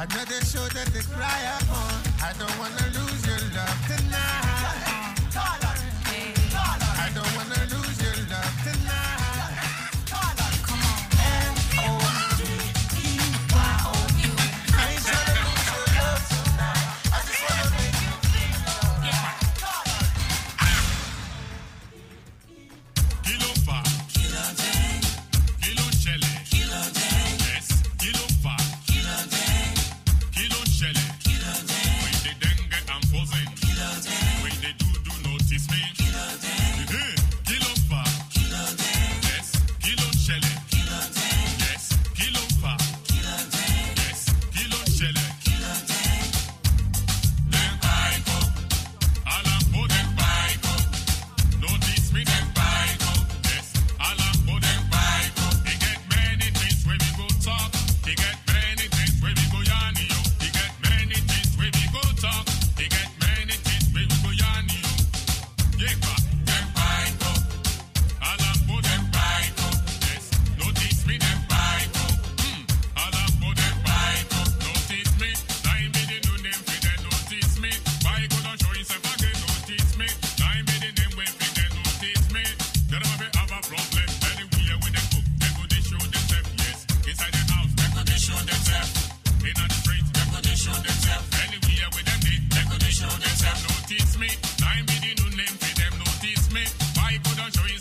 Another show that they cry upon. I don't wanna lose your love tonight. don't show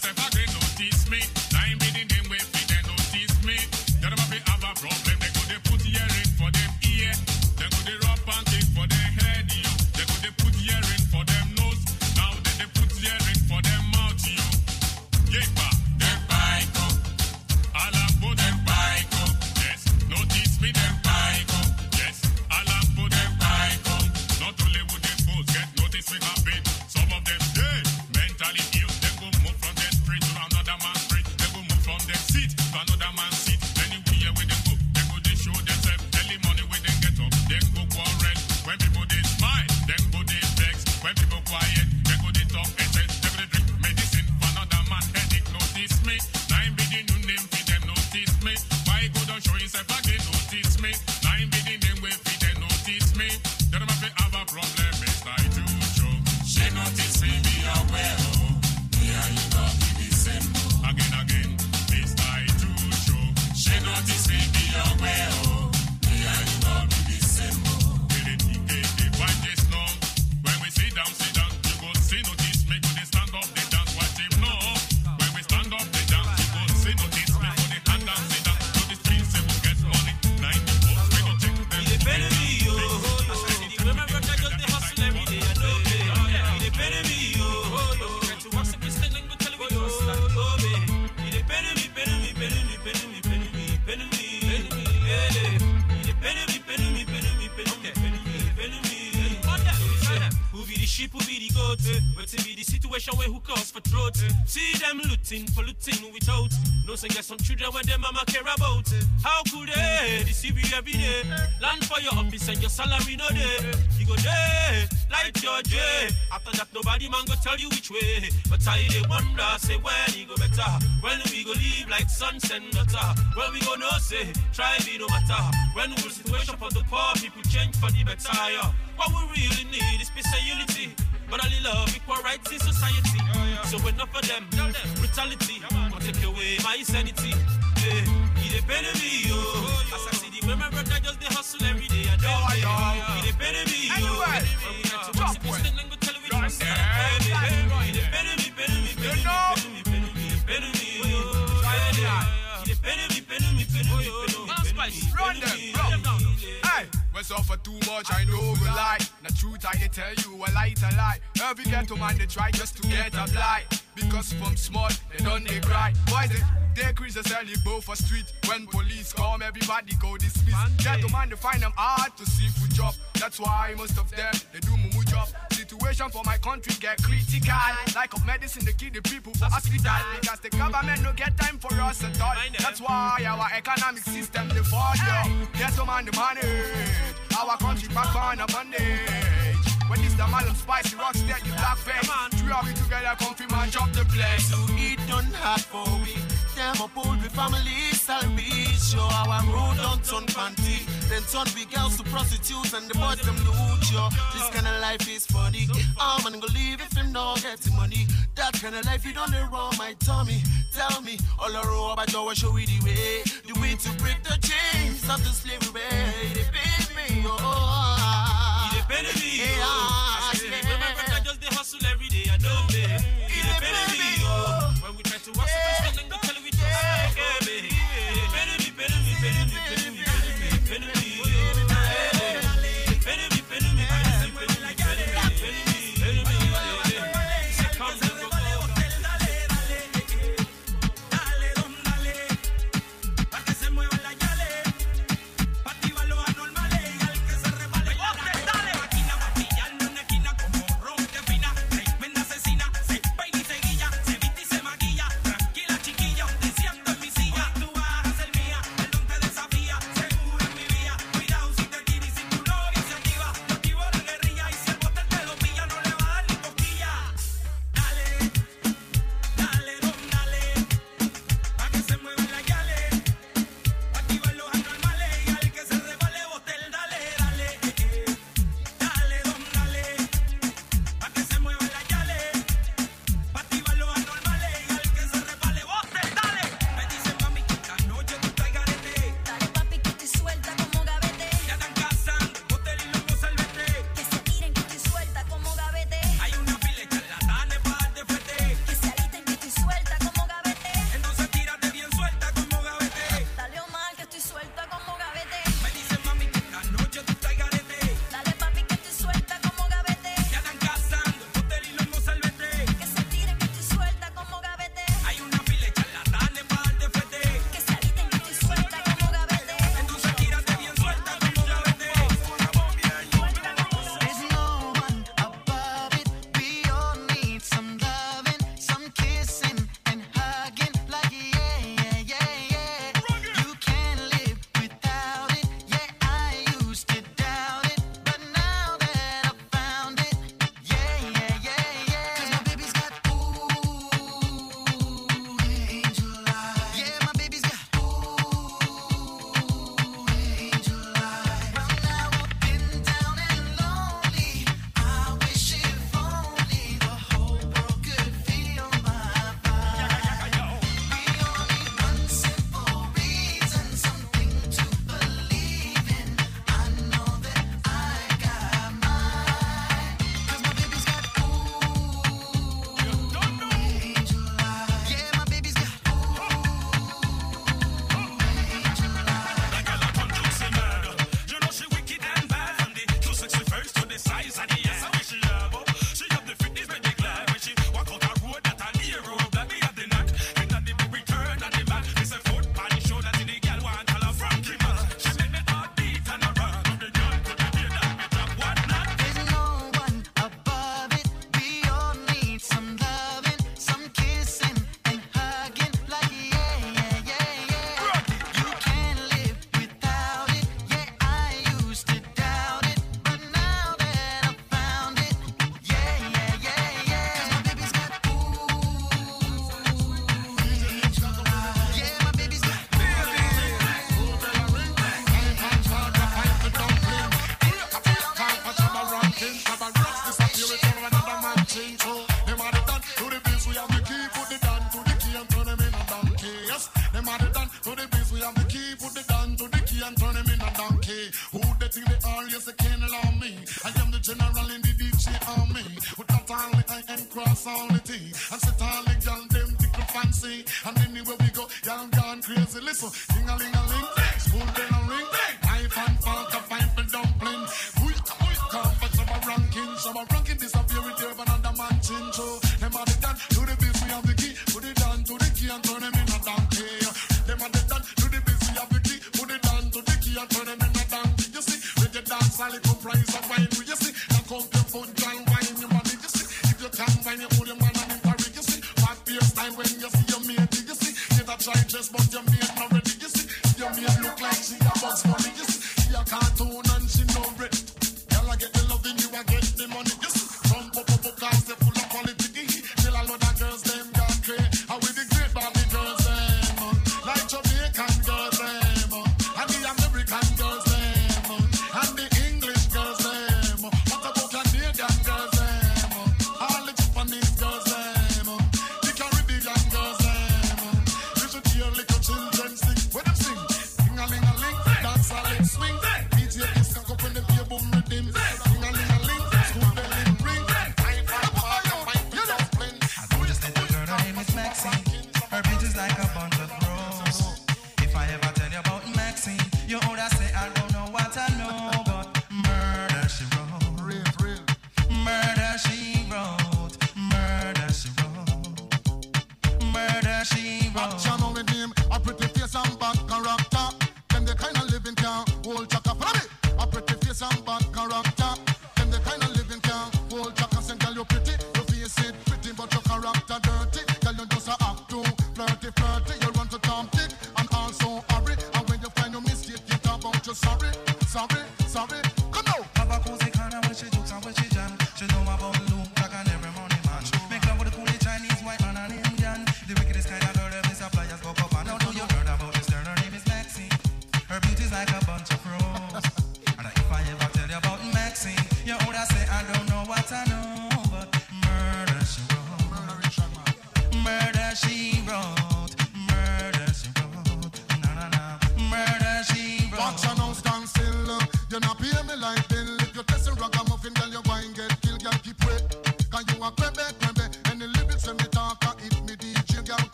happy, say your salary no day. You go day, like your J. After that, nobody man go tell you which way. But I dey wonder, say when he go better. When we go live like sun and daughter. When we go no say, try be no matter. When will situation for the poor people change for the better? Yeah. What we really need is peace and unity. but only love, equal rights in society. Yeah, yeah. So enough of them, Tell them. brutality. Yeah, take away my sanity. Yeah. It depends on me, yo. As I see the women, brother, just they hustle every we suffer too much, I know we lie. The truth I tell you, a lie a lie. Every ghetto man they try just to get a lie. Because from small, they don't they cry. Boys, they, they crease selling both for street. When police come, everybody go dismiss. Get to man, they find them hard to see for job. That's why most of them, they do mumu job. Situation for my country get critical. Like of medicine, they kill the people for hospital. Because the government no get time for us at all. That's why our economic system, they fall Get to man, the money. Our country back on a bondage. When it's the man spicy rocks, then you black face. Three of together, comfy man, drop the place. So it don't have for we. Them up all the family salvation. Our road don't turn panty. Then turn we girls to prostitutes and the boys them loot yo. This kind of life is funny. I'm gonna leave if him do not the money. That kind of life you don't wrong my tummy. Tell me all I row about your show we the way. The way to break the chains of the slavery. They me. Oh, penalty. Yeah. Oh. I just hustle every day. I don't pay. It's and And anywhere we go, y'all gone crazy. Listen, ding a ling a ling, spoon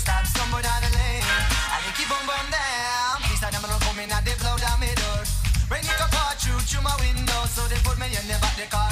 stop somewhere down the lane. I can keep on burning down. These I never come in and they blow down my door. Rain it come pour through through my window, so they put me in the back of the car.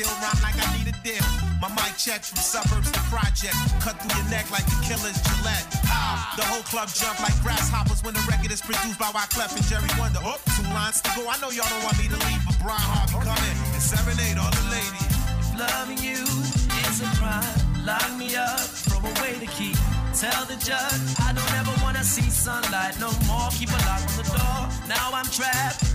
still rhyme like I need a deal. My mic checks from suburbs to projects. Cut through your neck like the killer's Gillette. Ah, the whole club jump like grasshoppers when the record is produced by Wyclef and Jerry Wonder. Oh, two lines to go. I know y'all don't want me to leave, but Brian Harvey coming and serenade all the ladies. If loving you is a crime, lock me up, throw away the key. Tell the judge I don't ever wanna see sunlight no more. Keep a lock on the door. Now I'm trapped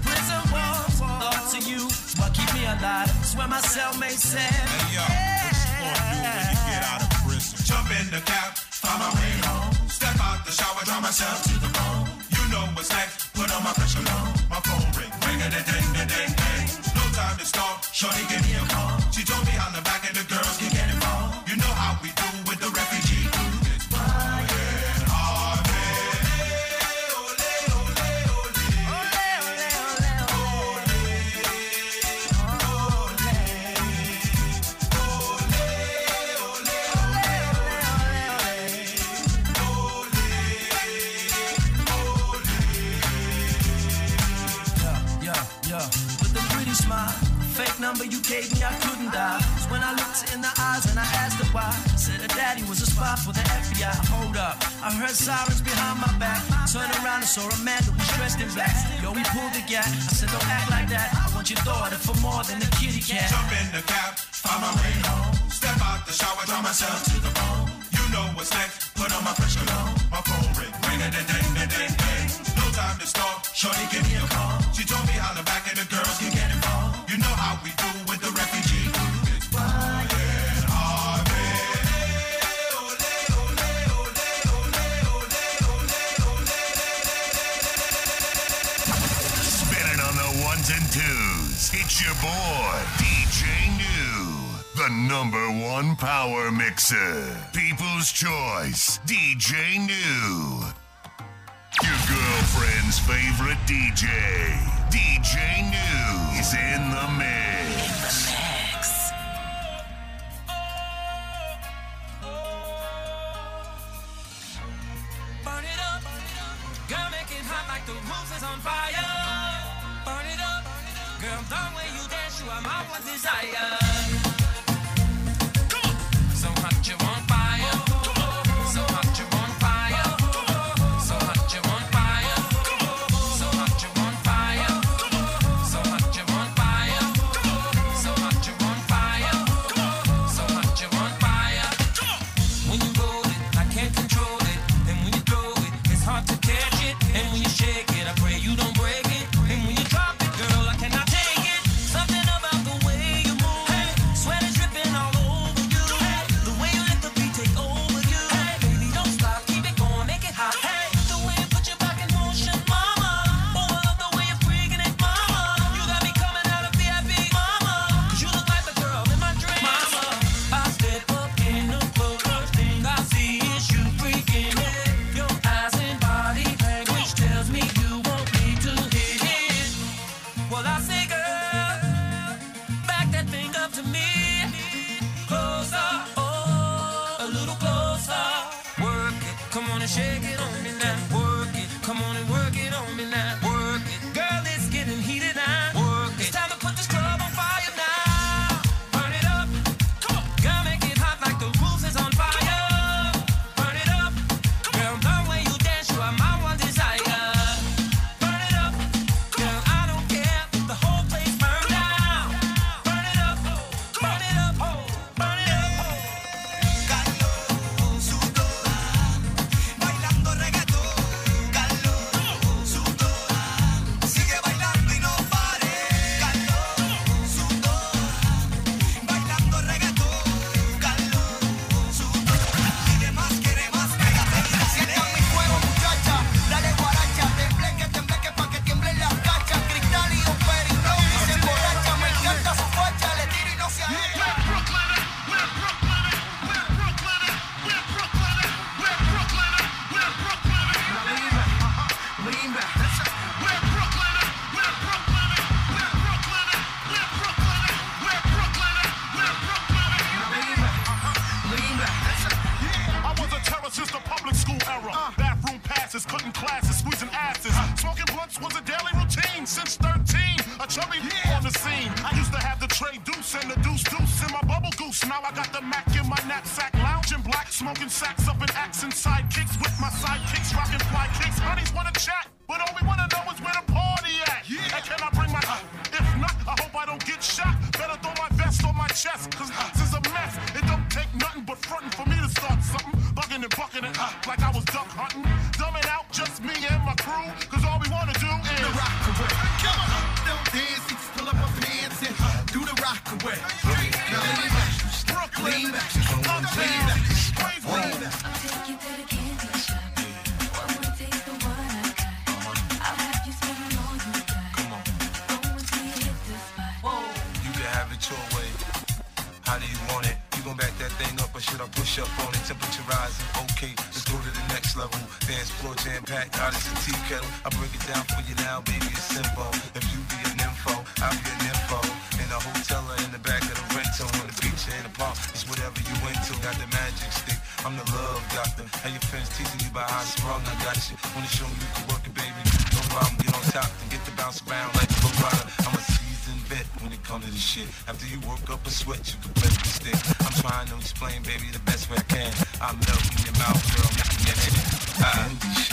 to you, but keep me alive. Swear my cellmate said. Hey yo, what you gonna do when you get out of prison? Jump in the cab, find my way home. Step out the shower, draw myself to the bone. You know what's next? Put on my pressure on. My phone ring, ring a ding, ding, ding, ding. No time to stall, shorty can. I'm looking your mouth, girl. Yeah, getting Uh,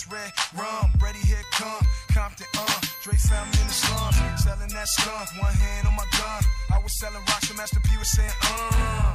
That's red rum, ready here come. Compton, uh, Dre found me in the slums, selling that skunk. One hand on my gun, I was selling rocks, and Master P was saying, uh.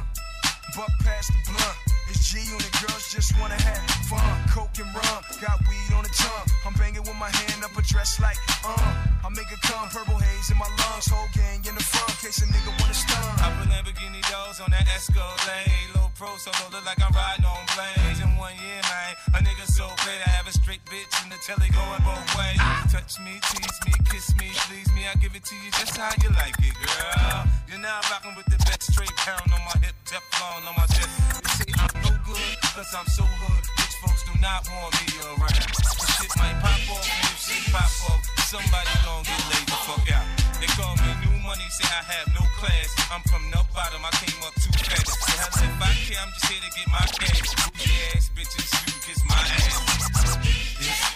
Buck past the blunt. It's G on the girls just wanna have fun. Coke and rum, got weed on the tongue. I'm banging with my hand up a dress like uh. I make a cum, purple haze in my lungs. Whole gang in the front, case a nigga wanna stun. I put Lamborghini doors on that Escalade pro, so don't look like I'm riding on planes. In one year, man, a nigga so paid, I have a straight bitch in the telly going both ways. Touch me, tease me, kiss me, please me, I give it to you just how you like it, girl. You're now rocking with the best straight pound on my hip, Teflon on my chest. You see, I'm no good, cause I'm so hood. Most folks do not want me around. The shit might pop off, and if shit pop off, somebody gon' get laid the fuck out. They call me new money, say I have no class. I'm from the bottom, I came up too fast. So I said, if I care, I'm just here to get my cash. Booty ass bitches, you kiss my ass.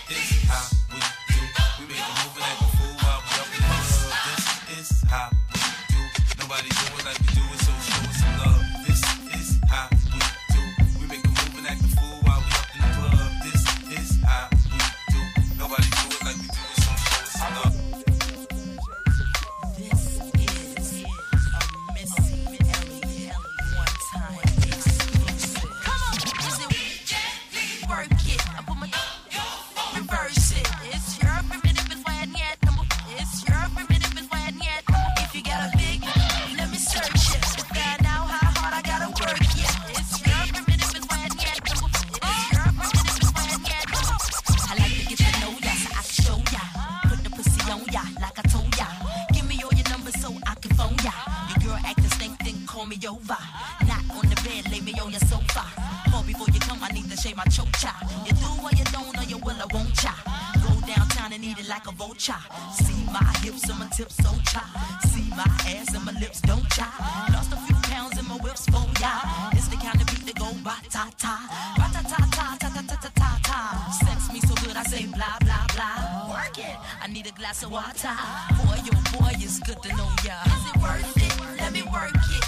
This is how we do. We make a move like a fool while we up in the club. This is how we do. Nobody do it like we do it. over. Not on the bed, lay me on your sofa. Call before you come, I need to shave my choke chop. You do what you don't, or you will, I won't chop. Go downtown and eat it like a vulture. See my hips and my tips so chop. See my ass and my lips don't chop. Lost a few pounds in my whips for oh ya. It's the kind of beat that go ba ta ta, ba ta ta ta ta ta ta ta ta ta. Sex me so good, I say blah blah blah. Work it. I need a glass of water. Boy, your oh boy, it's good to know ya. Is it worth it? Let me work it.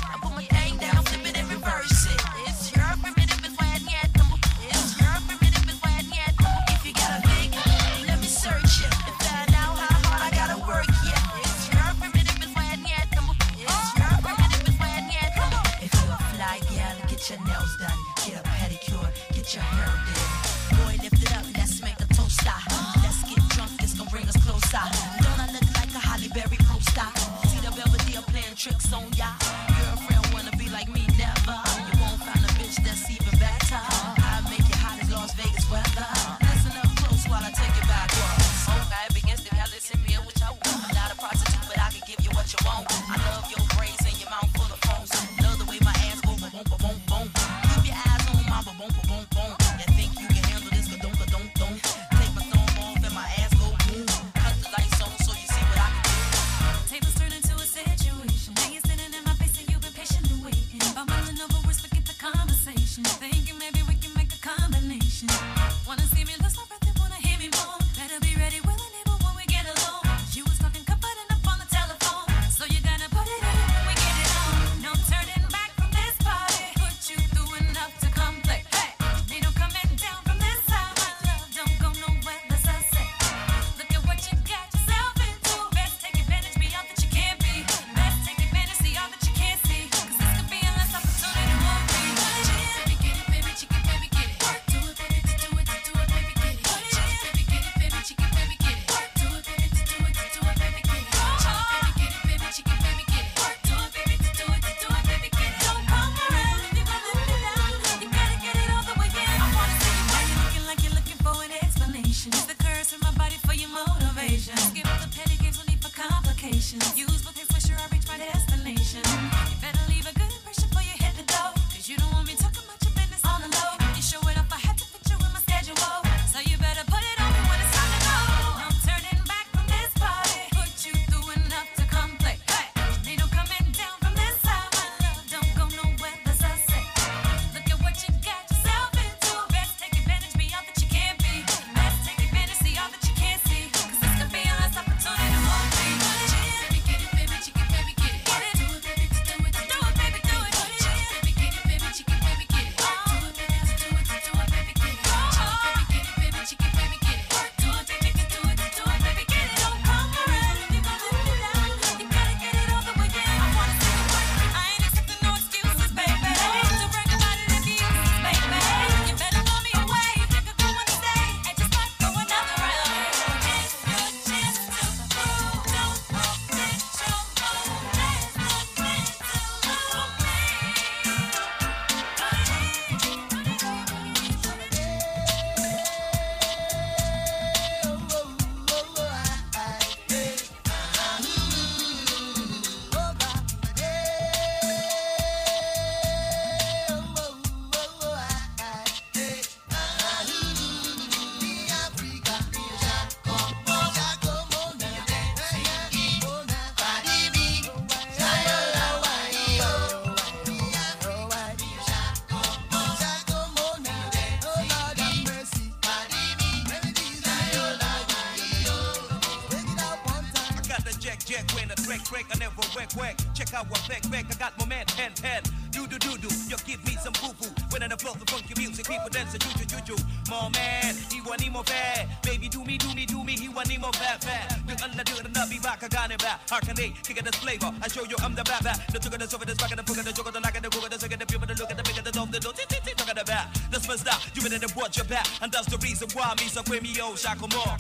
power. Back, back, I got my man, hand, hand. Do do do do, you give me some boo boo. When I upload the funky music, people dance a juju juju. More man, he want him more bad. Baby, do me, do me, do me, he want him more bad, bad. Do another, do another, be back, I got it back. How can they kick this flavor? I show you I'm the bad, bad. The sugar, the sofa, the spark, the poker, the joker, the like, the google, the sugar, the people, the look at the bigger, the dog, the dog, the the about. This must stop, you better watch your back. And that's the reason why me so quit me, oh, shackle more.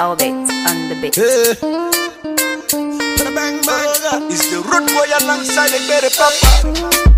Albert on the beat. Hey. Bang, bang. It's the root boy alongside the baby papa.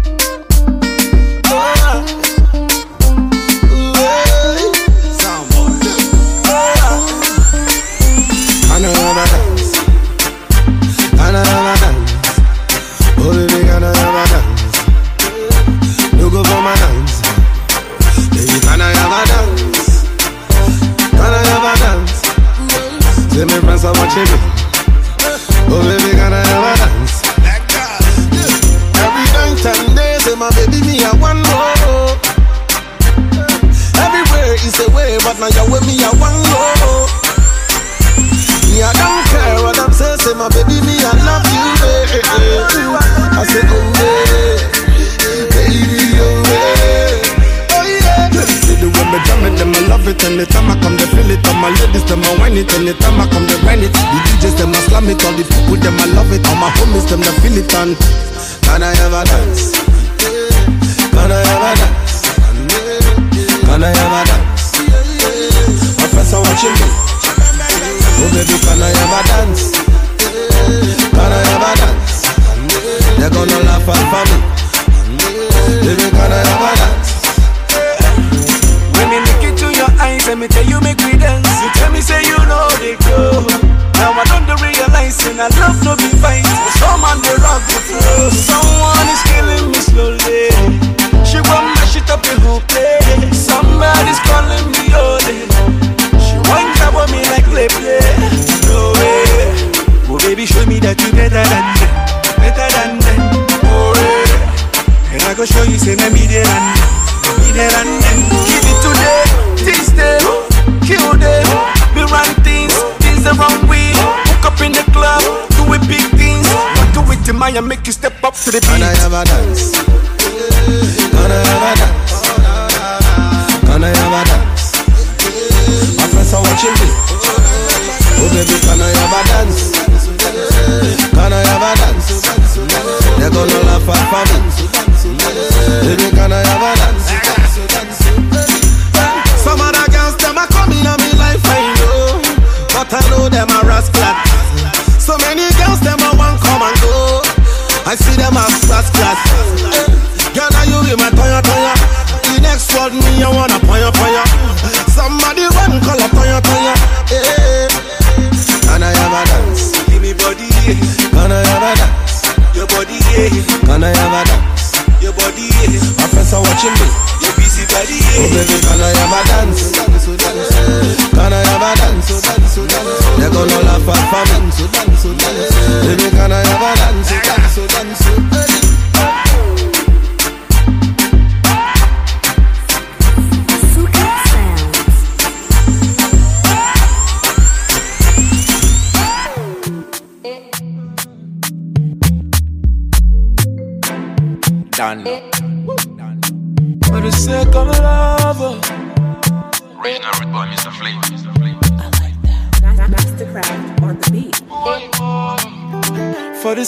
i fat gonna can I have a dance?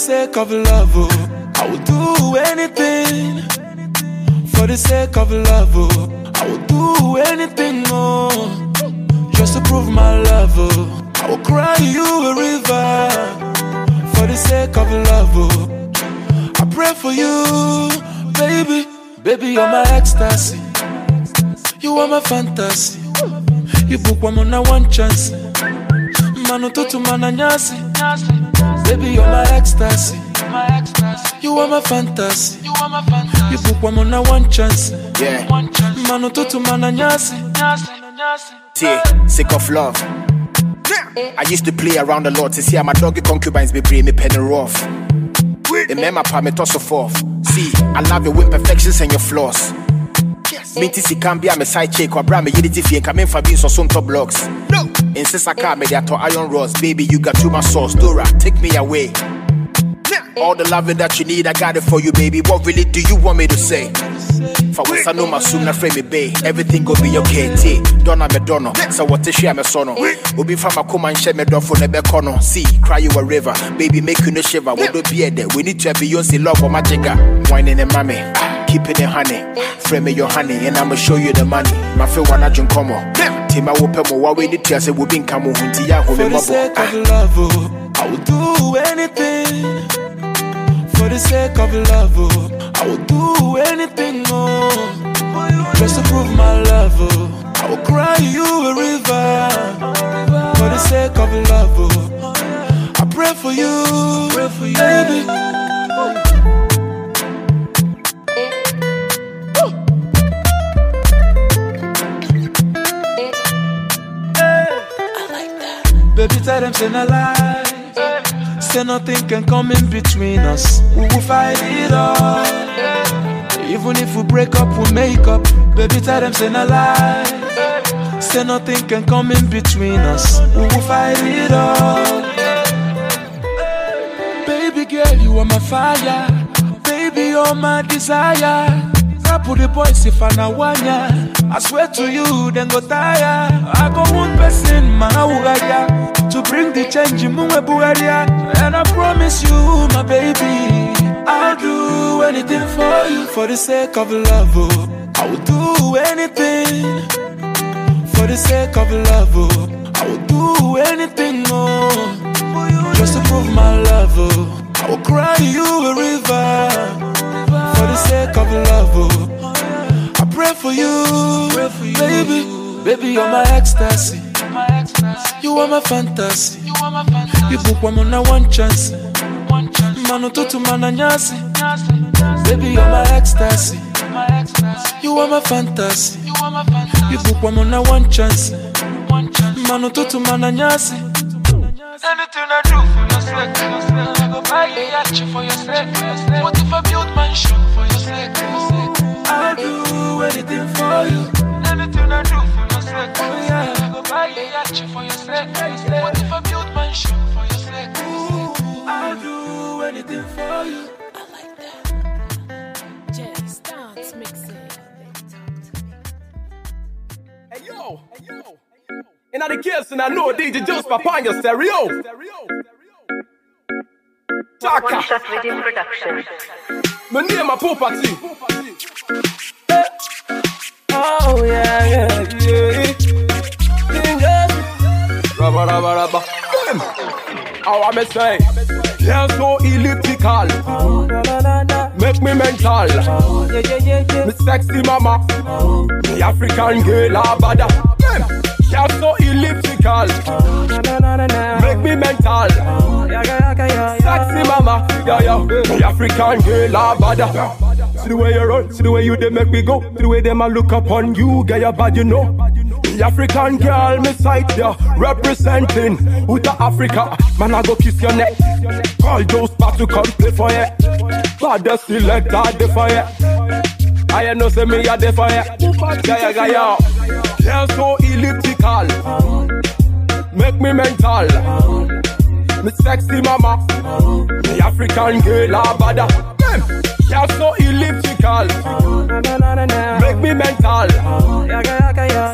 sake of love, oh, I would do anything. For the sake of love, oh, I would do anything more. Oh. Just to prove my love, oh, I will cry you a river. For the sake of love, oh, I pray for you, baby. Baby, you're my ecstasy. You are my fantasy. You book one on one chance. Manu tutu mananyasi. Baby, you're my ecstasy. You are my fantasy. You are my fantasy. You book one on one chance. Yeah. One chance. Mano tutu mana nyasi. See, sick of love. Yeah. I used to play around a lot to see how my doggy concubines be bring me penny rough. Remember, pa me toss so forth. See, I love your imperfections and your flaws. Minti si kambia me side check wabra me yedi tifie kame mfa bi nso so nto blocks. No. Insisa ka eh. me de ato iron rods baby you got too much sauce Dora take me away. All the loving that you need, I got it for you, baby. What really do you want me to say? For what I know, my soon, I'd frame it, bay. Everything gonna be okay. T. Donna Madonna, so what is she? I'm a son. Will eh. be from a come and share me door for the becono. See, cry you a river, baby. Make you no shiver. We do be there? We need to have Beyonce love for my jigger. Whining and mommy keeping it honey. Frame your honey, and I'ma show you the money. My feel wanna drink come on. Tim, I will pay more. Why we need to say we been come on. Huntia, who For the sake of ah. love, oh, I will do anything. For the sake of love, oh, I will do anything more. Oh. Just to prove my love, oh, I will cry you a river. For the sake of love, oh, I pray for you, pray for you, baby. tell them say a lie. Say nothing can come in between us. We will fight it all. Even if we break up, we make up. Baby, tell them say a lie. Say nothing can come in between us. We will fight it all. Baby girl, you are my fire. Baby, you're my desire. Tap the boys if I na ya. I swear to you, then go tire. I go one person, manawugaya. To bring the change in Bugaria. And I promise you, my baby, I'll do anything for you for the sake of love. Oh. I will do anything for the sake of love. Oh. I will do anything, oh, just to prove my love. Oh. I will cry you a river for the sake of love. Oh. I pray for you, baby. Baby, you're my ecstasy. You are my fantasy. You book woman on one chance. Mano tutu mana mananyasi. Baby, you're my ecstasy. You are my fantasy. You book woman on one chance. Mano tutu mana mananyasi. Anything I do for your sake, I go buy you yacht for your sake. Shook for your sake. I'll do anything for you. Anything I do for your sake. Oh, yeah. I go buy a yacht for your sake. What if I build my shook for your sake? Ooh, I'll do anything for you. I like that. Jay Stance mixing. Hey yo, hey yo. And I the kids and I know DJ just pop on your stereo. stereo. Chaka. One shot with production. My name a property. Eh. Oh yeah, yeah, yeah. Fingers. raba raba. rubber. How I may say, yeah, so elliptical. Make me mental. yeah, yeah, yeah, yeah. Me sexy mama. Me African girl, abada. Yeah, so elliptical sentimental. Sexy mama, yeah, yeah. The African girl, Avada. See the way you run, see the way you they make me go. See the way them a look upon you, girl, you bad, you know. The African girl, me sight ya, yeah. representing Uta Africa. Man, I go kiss your neck. Call those parts to come play for ya. Father select that they for ya. I ain't no say me a dey for ya. Gaya gaya, yeah so elliptical make me mental. Me sexy mama, the African girl are bada. Them, so elliptical. Make me mental.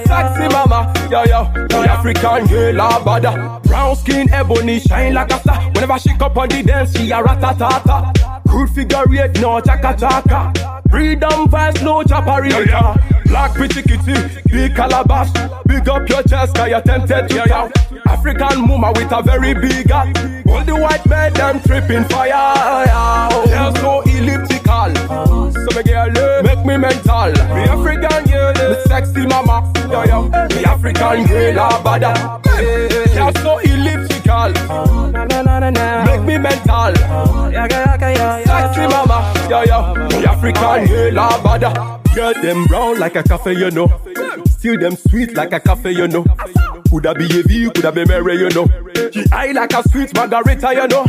Sexy mama, yeah yeah. the African girl are bada. Brown skin, ebony, shine like a star. Whenever she come on the dance, she a ratatata. Good figure eight, no chaka chaka. Freedom vibes, no chaparita. Black pretty kitty, big calabash. Big up your chest, cause you're tempted to shout. African mama with a very big hat. All the white men, them tripping fire. They're so elliptical. So me girl, eh, make me mental. Me African girl, eh, me sexy mama. Yo, yo. Me African girl, a ah, bada. They're so elliptical. Make me mental. Sexy mama. Yo, yo. Me African girl, a ah, bada. Girl, them brown like a cafe, you know. Still them sweet like a cafe, you know. Coulda be a V, coulda be Mary, you know. She eye like a sweet margarita, you know.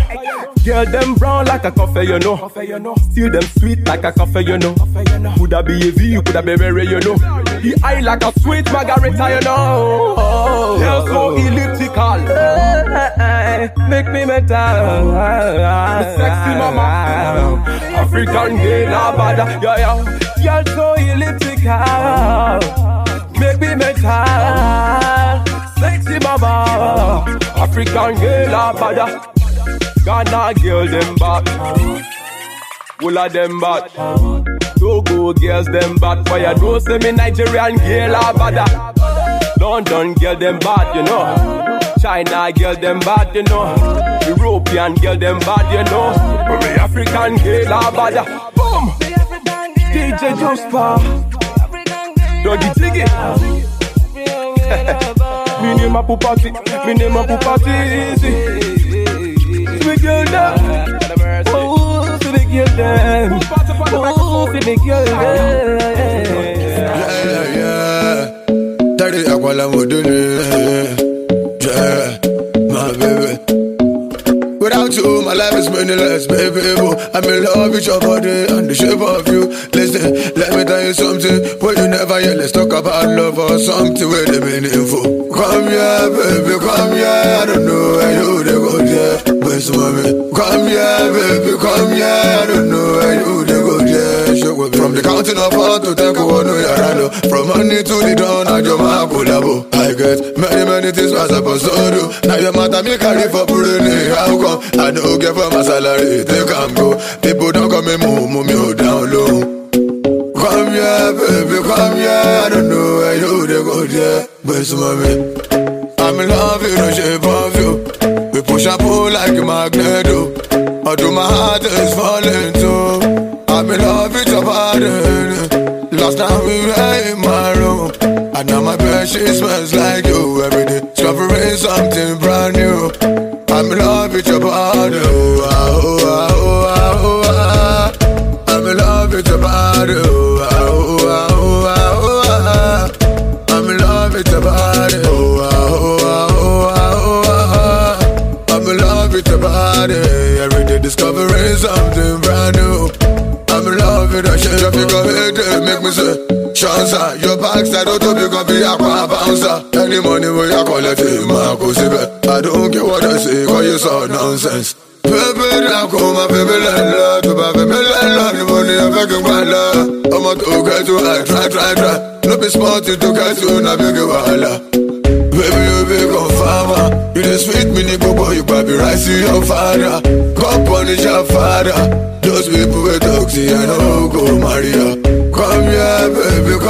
Girl, them brown like a coffee, you know. Still them sweet like a coffee, you know. Coulda be a V, coulda be Mary, you know. She eye like a sweet margarita, you know. Girl, so elliptical. Make me mental. Sexy mama. African girl, la bada. Yeah, yeah girl so elliptical. Make me mental. Sexy mama. African girl a ah, bada. Ghana girl them bad, All of them bad. Togo girls them bad. For you know, say me Nigerian girl are ah, bad. London girl them bad, you know. China girl them bad, you know. European girl them bad, you know. But me African girl are ah, bad. Boom. DJ Joestar Doggy Diggy Me name a party, Me name a Pupati Sweet girl down Oh, for the girl down Oh, for the girl down oh, Yeah, yeah yeah, I'm Tari to do modune Yeah, my baby my life is meaningless, baby. I'm in love with your body and the shape of you. Listen, let me tell you something. When you never hear, let's talk about love or something with a meaningful. Come here, baby, come here. I don't know where you they go there, but mommy. Come here, baby, come here. I don't know where you from the counting of all to Teko no Yarano From money to the dawn I just my collabo oh. I get many many things I supposed to do Now your matter me carry for Brunei eh, How come I don't give for my salary They can go People don't come me move me down low Come here baby come here I don't know where you they go there But mommy I'm in love you no shape of you We push and pull like a magnet And now my bed, she smells like you every day. Discovering something brand new. I'm in love with your body. Oh, oh, oh, oh, oh, I'm in love with your body. Oh, oh, oh, oh, oh, I'm in love with your body. Oh, oh, oh, oh, oh, I'm in love with your body. Every day discovering something brand new. I'm in love with your shape. If you come here, make me say, Chansa, your backside, oh, to be any money we ya collect, my ma go see I don't care what they say, cause it's all nonsense. Baby, now call my baby Lala To my baby Lala, the money I my wala I'm a to get to I try, try, try No be smart you to get to, na big wala Baby, you become on farmer You the me nigga, bobo, you baby rice to your father Come punish your father Those people with toxic, I know go Maria. Come here, baby,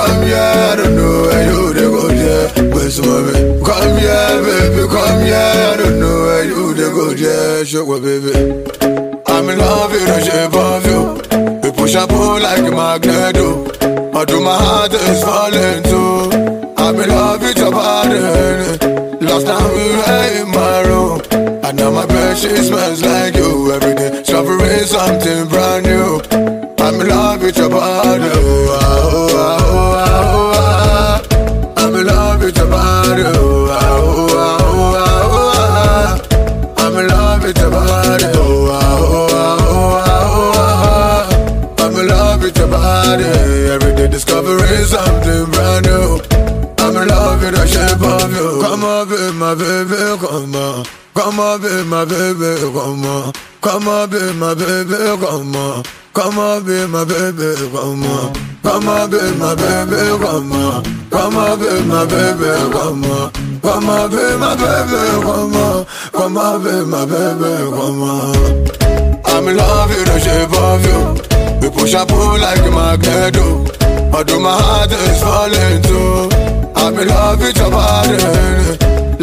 shuffle like a magnet, although my heart is falling too. I'm in love your body.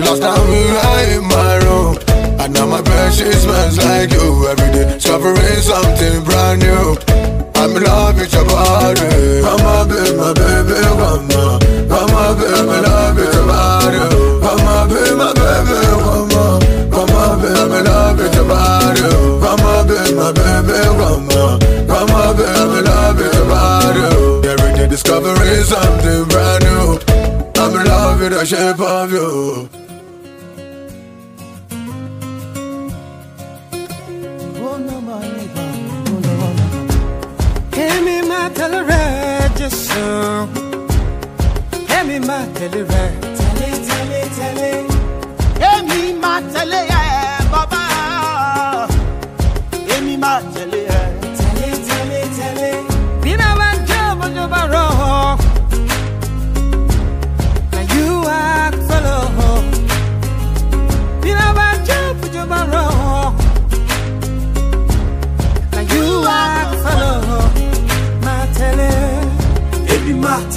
Last time we were in my room, and now my bed she smells like you. Every day discovering something brand new. I'm in love with your body. discovering something brand new. I'm in love with the shape of you. Hand me my television. Hand me my television.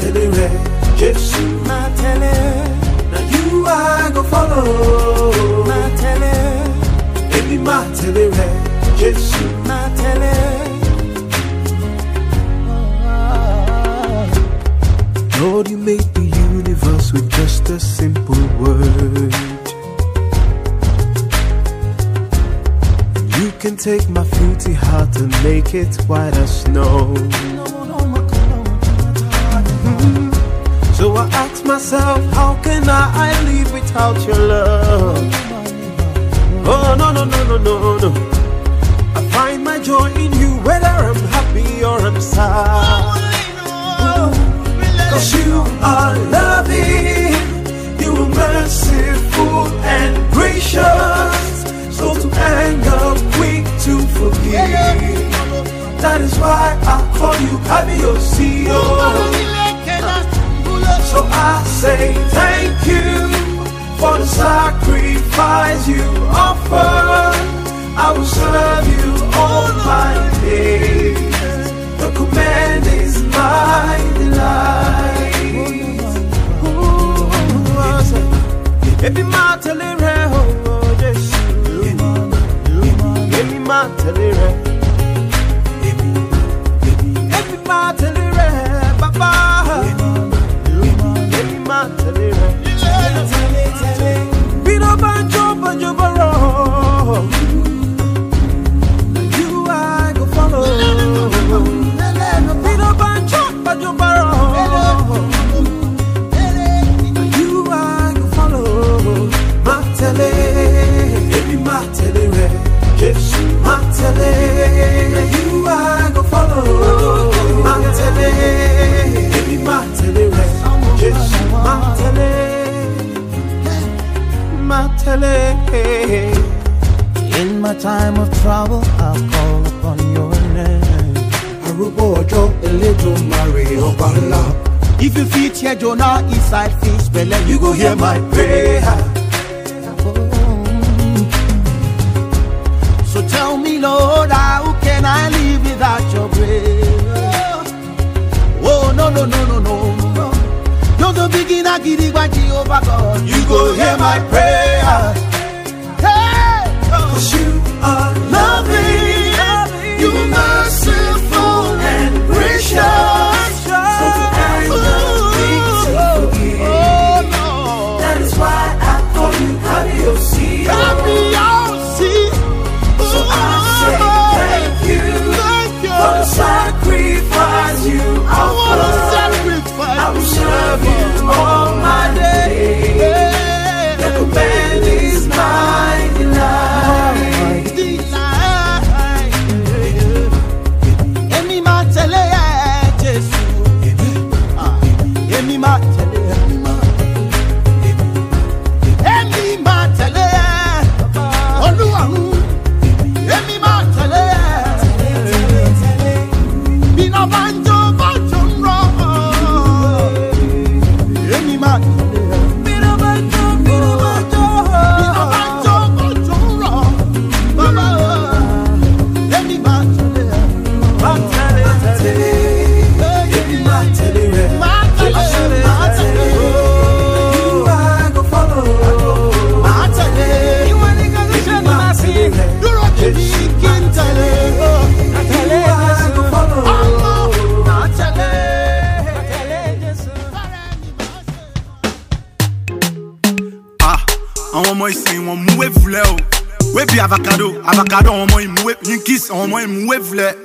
telere, Jesu my tele. Now you I go follow ma tele. Baby ma telere, Jesu ma tele. Lord, you made the universe with just a simple word. You can take my fruity heart and make it white as snow. So I ask myself, how can I live without your love? Oh, no, no, no, no, no, no. I find my joy in you, whether I'm happy or I'm sad. Cause you are loving, you are merciful and gracious, so to anger, quick to forgive. That is why I call you Abiyosio. So I say thank you for the sacrifice you offer. I will serve you all my days. The command is my delight. voulais